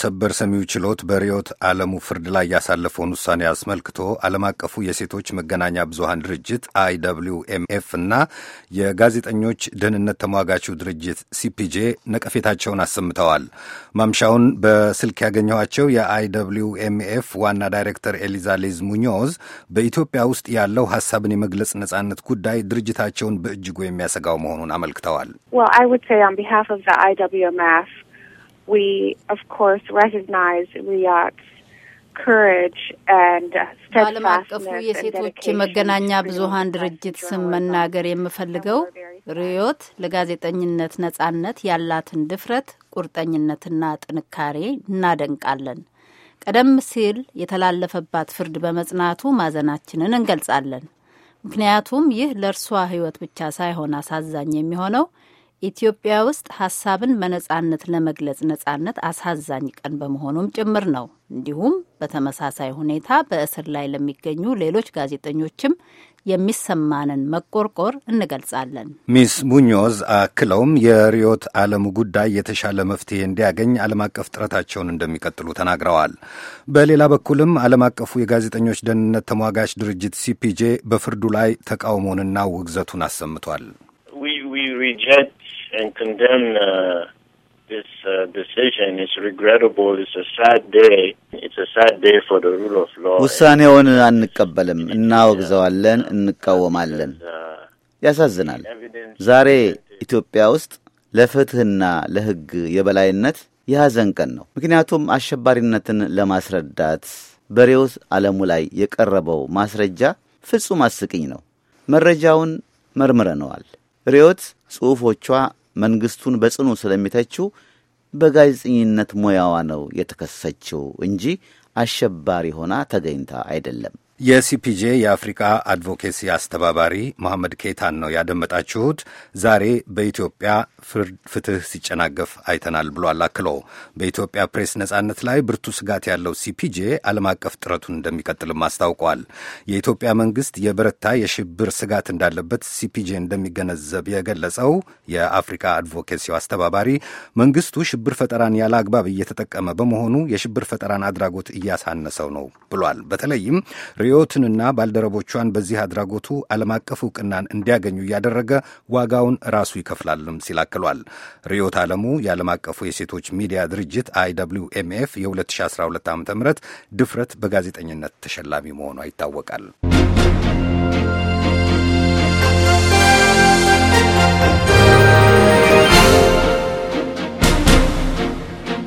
ሰበር ሰሚው ችሎት በርዕዮት ዓለሙ ፍርድ ላይ ያሳለፈውን ውሳኔ አስመልክቶ ዓለም አቀፉ የሴቶች መገናኛ ብዙሃን ድርጅት አይ እና የጋዜጠኞች ደህንነት ተሟጋቹ ድርጅት ሲፒጄ ነቀፌታቸውን አሰምተዋል። ማምሻውን በስልክ ያገኘኋቸው የአይ ዋና ዳይሬክተር ኤሊዛ ሌዝ ሙኞዝ በኢትዮጵያ ውስጥ ያለው ሀሳብን የመግለጽ ነጻነት ጉዳይ ድርጅታቸውን በእጅጉ የሚያሰጋው መሆኑን አመልክተዋል። we, of course, recognize Riyadh's በዓለም አቀፉ የሴቶች የመገናኛ ብዙኃን ድርጅት ስም መናገር የምፈልገው ሪዮት ለጋዜጠኝነት ነጻነት ያላትን ድፍረት፣ ቁርጠኝነትና ጥንካሬ እናደንቃለን። ቀደም ሲል የተላለፈባት ፍርድ በመጽናቱ ማዘናችንን እንገልጻለን። ምክንያቱም ይህ ለእርሷ ሕይወት ብቻ ሳይሆን አሳዛኝ የሚሆነው ኢትዮጵያ ውስጥ ሀሳብን በነጻነት ለመግለጽ ነጻነት አሳዛኝ ቀን በመሆኑም ጭምር ነው። እንዲሁም በተመሳሳይ ሁኔታ በእስር ላይ ለሚገኙ ሌሎች ጋዜጠኞችም የሚሰማንን መቆርቆር እንገልጻለን። ሚስ ሙኞዝ አክለውም የሪዮት ዓለሙ ጉዳይ የተሻለ መፍትሄ እንዲያገኝ ዓለም አቀፍ ጥረታቸውን እንደሚቀጥሉ ተናግረዋል። በሌላ በኩልም ዓለም አቀፉ የጋዜጠኞች ደህንነት ተሟጋች ድርጅት ሲፒጄ በፍርዱ ላይ ተቃውሞንና ውግዘቱን አሰምቷል። we reject and condemn uh, this uh, decision. It's regrettable. It's a sad day. It's a sad day for the rule of law. ውሳኔውን አንቀበልም፣ እናወግዘዋለን፣ እንቃወማለን። uh, ያሳዝናል። ዛሬ ኢትዮጵያ ውስጥ ለፍትህና ለህግ የበላይነት የሐዘን ቀን ነው። ምክንያቱም አሸባሪነትን ለማስረዳት በሬውስ ዓለሙ ላይ የቀረበው ማስረጃ ፍጹም አስቂኝ ነው። መረጃውን መርምረነዋል። ርዮት ጽሑፎቿ መንግሥቱን በጽኑ ስለሚተችው በጋዜጠኝነት ሙያዋ ነው የተከሰችው እንጂ አሸባሪ ሆና ተገኝታ አይደለም። የሲፒጄ የአፍሪካ አድቮኬሲ አስተባባሪ መሐመድ ኬታን ነው ያደመጣችሁት። ዛሬ በኢትዮጵያ ፍትህ ሲጨናገፍ አይተናል ብሏል። አክሎ በኢትዮጵያ ፕሬስ ነጻነት ላይ ብርቱ ስጋት ያለው ሲፒጄ ዓለም አቀፍ ጥረቱን እንደሚቀጥልም አስታውቋል። የኢትዮጵያ መንግስት የበረታ የሽብር ስጋት እንዳለበት ሲፒጄ እንደሚገነዘብ የገለጸው የአፍሪካ አድቮኬሲው አስተባባሪ መንግስቱ ሽብር ፈጠራን ያለ አግባብ እየተጠቀመ በመሆኑ የሽብር ፈጠራን አድራጎት እያሳነሰው ነው ብሏል። በተለይም ሪዮትንና ባልደረቦቿን በዚህ አድራጎቱ ዓለም አቀፍ እውቅናን እንዲያገኙ እያደረገ ዋጋውን ራሱ ይከፍላልም ሲል አክሏል። ሪዮት ዓለሙ የዓለም አቀፉ የሴቶች ሚዲያ ድርጅት አይ ደብልዩ ኤም ኤፍ የ2012 ዓ ም ድፍረት በጋዜጠኝነት ተሸላሚ መሆኗ ይታወቃል።